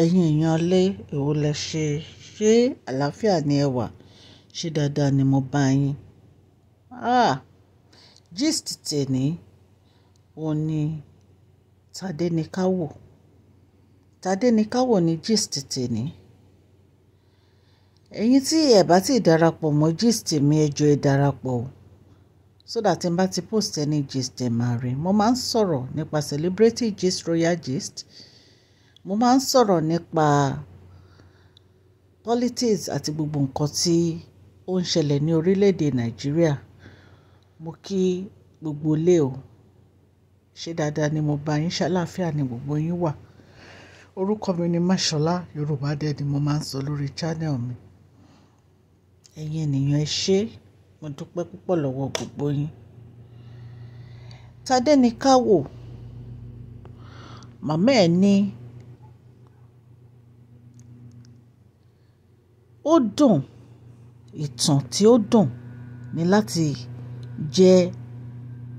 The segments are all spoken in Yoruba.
Ẹ̀yin èèyàn ilé, èwo lẹ ṣe? Ṣé àlàáfíà ni ẹ wà? Ṣé dáadáa ni mo bá yín? Ah! Gist tèní, òun ni Tádéníkáwò. Tádéníkáwò ni gist tèní. Ẹ̀yin tí ẹ bá ti darapọ̀ mọ́ gist mi, ẹ jọ ẹ darapọ̀ o. So that tí n bá ti post ẹni gist ẹ máa rí. Mo máa ń sọ̀rọ̀ nípa celebrity gist, royal gist. Mo máa ń sọ̀rọ̀ nípa politics àti gbogbo nǹkan tí ó ń ṣẹlẹ̀ ní orílẹ̀-èdè Nàìjíríà. Mo kí gbogbo lé o. Ṣé dáadáa ni mo bá yín? Ṣé ni gbogbo yín wà? Orúkọ mi ni Mashola. Yorùbá dẹ̀ ni mo máa ń sọ lórí channel mi. Ẹ̀yin ènìyàn ẹ ṣé, mo dúpẹ́ púpọ̀ lọ́wọ́ gbogbo yín. Tádé ni ká wò. Màmá ẹ ní ó dùn ìtàn tí ó dùn ni láti jẹ́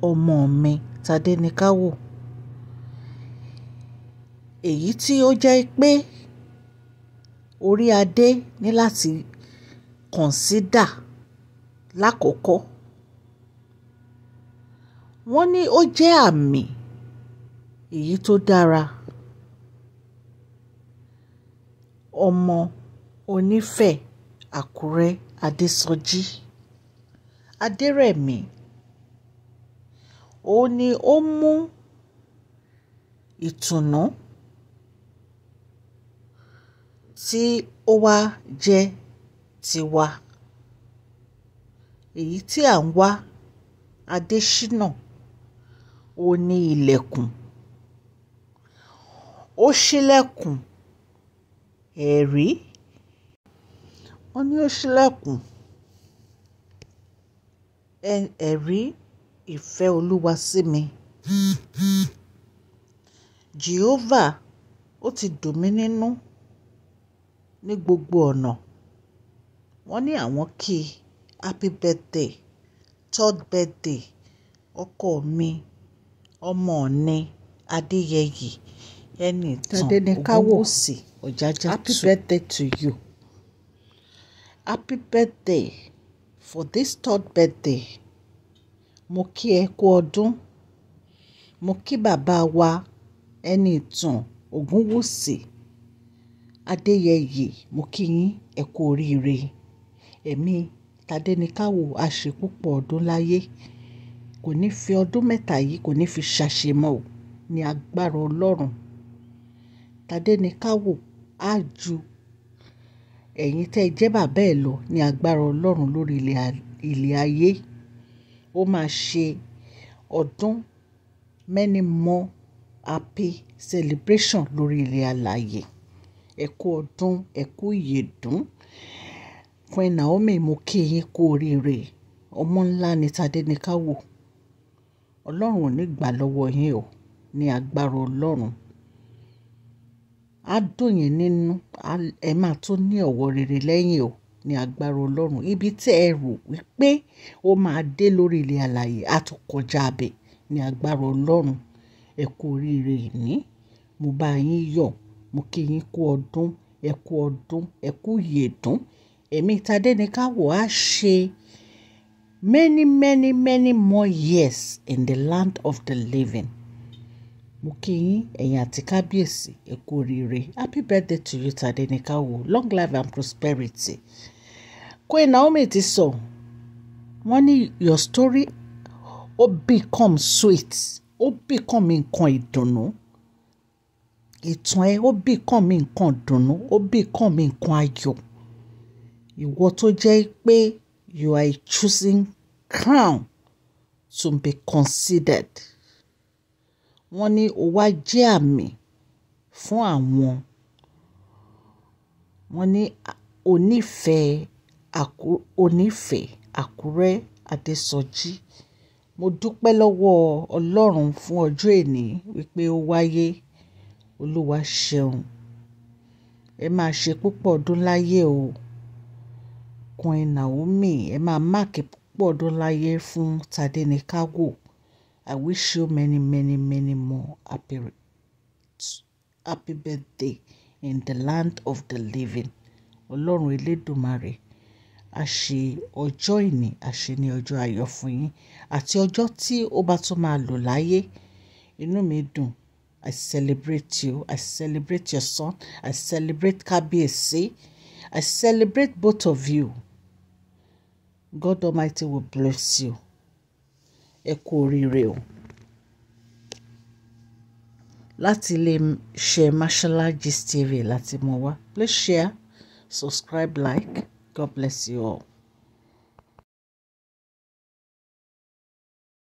ọmọ mi Tádéníkáwò èyí tí ó jẹ́ pé orí adé ní láti consider lákòókò wọ́n ní ó jẹ́ àmì èyí tó dára ọmọ onífẹ̀ àkùrẹ́ adésọjí adẹ̀rẹ̀mí òun ni ó mú ìtùnú tí ó wá jẹ́ tiwa èyí tí à ń wá adésínà òun ni ilẹ̀kùn ó ṣílẹ̀kùn ẹ̀rí. E wọ́n ní ó ṣílẹ̀kùn ẹ̀rí ìfẹ́ olúwa sí mi jehovah ó ti dùn mí nínú ní gbogbo ọ̀nà wọ́n ní àwọn kí happy birthday third birthday ọkọ mi ọmọ ni adéyẹyè ẹni ìtàn ògúnwùsì ọ̀jájá tù happy birthday to you happy birthday for this third birthday mo kí ẹ kú ọdún mo kí bàbá wa ẹni ìtàn Ògúnwùsì Adéyẹyè mo kí yín ẹ kú oríire ẹ̀mí Tadéníkàwò àṣepúpọ̀ ọdún láyé kò ní fi ọdún mẹ́ta yìí kò ní fi ṣàṣemọ́ o ní agbára Ọlọ́run Tadéníkàwò á ju Ẹ̀yin tẹ́ ẹ jẹ́ bàbá ẹ̀ lọ ní agbára Ọlọ́run lórí ilẹ̀ ayé. Ó máa ṣe ọdún many more happy celebration lórí ilẹ̀ alààyè. Ẹ kú ọdún, ẹ kú ìyèdún. Queen Naomi mo kí yín kú oríire. Ọmọ ńlá ni Tádéníkáwò. Ọlọ́run ò ní gbà lọ́wọ́ yín o ní agbára Ọlọ́run á dùn yín nínú ẹ máa tún ní ọ̀wọ̀ rere lẹ́yìn o ní agbára ọlọ́run ibi tí ẹ rò wípé ó máa dé lórí ilẹ̀ àlàyé á tún kọjá abẹ ní agbára ọlọ́run ẹ kú oríire ìní mo bá yín yọ̀ mo kí yín kú ọdún ẹ kú ọdún ẹ kú yèdún èmi Tádéníkáwò á ṣe many many many more years in the land of the living mo kí yín ẹ̀yin àti kábíyèsí ẹ kú oríire happy birthday to you Tadéníkàwò long life and prosperity Queen Naomi ti sọ wọ́n ní your story ó become sweet ó become nǹkan ìdùnnú ìtàn ẹ ó become nǹkan ìdùnnú ó become nǹkan ayọ̀ ìwọ tó jẹ́ pé you are choosing crown to be considered wọ́n ní ó wá jẹ́ àmì fún àwọn. Wọ́n ní onífẹ̀ẹ́ àkú, onífẹ̀ẹ́ Àkúrẹ́ Adésọjí. Mo dúpẹ́ lọ́wọ́ Ọlọ́run fún ọjọ́ èní wípé ó wáyé. Olúwa ṣeun. Ẹ máa ṣe púpọ̀ ọdún láyé o. Queen Naomi, ẹ máa máàkì púpọ̀ ọdún láyé fún Tádéníkáwò. I wish you many, many, many more happy, happy birthday in the land of the living. Ọlọ́run Elédùmarè a ṣe ọjọ́ ìní a ṣe ní ọjọ́ ayọ̀ fún yín àti ọjọ́ tí ó bá tún máa lò láyé inú mi dùn I celebrate you I celebrate your son I celebrate Kábíyèsí I celebrate both of you God Almighty will bless you. ẹ kú oríire o. Láti ilé iṣẹ́ Mashola Gist TV láti mọ̀ wá. Please share, subscribe, like. God bless you all.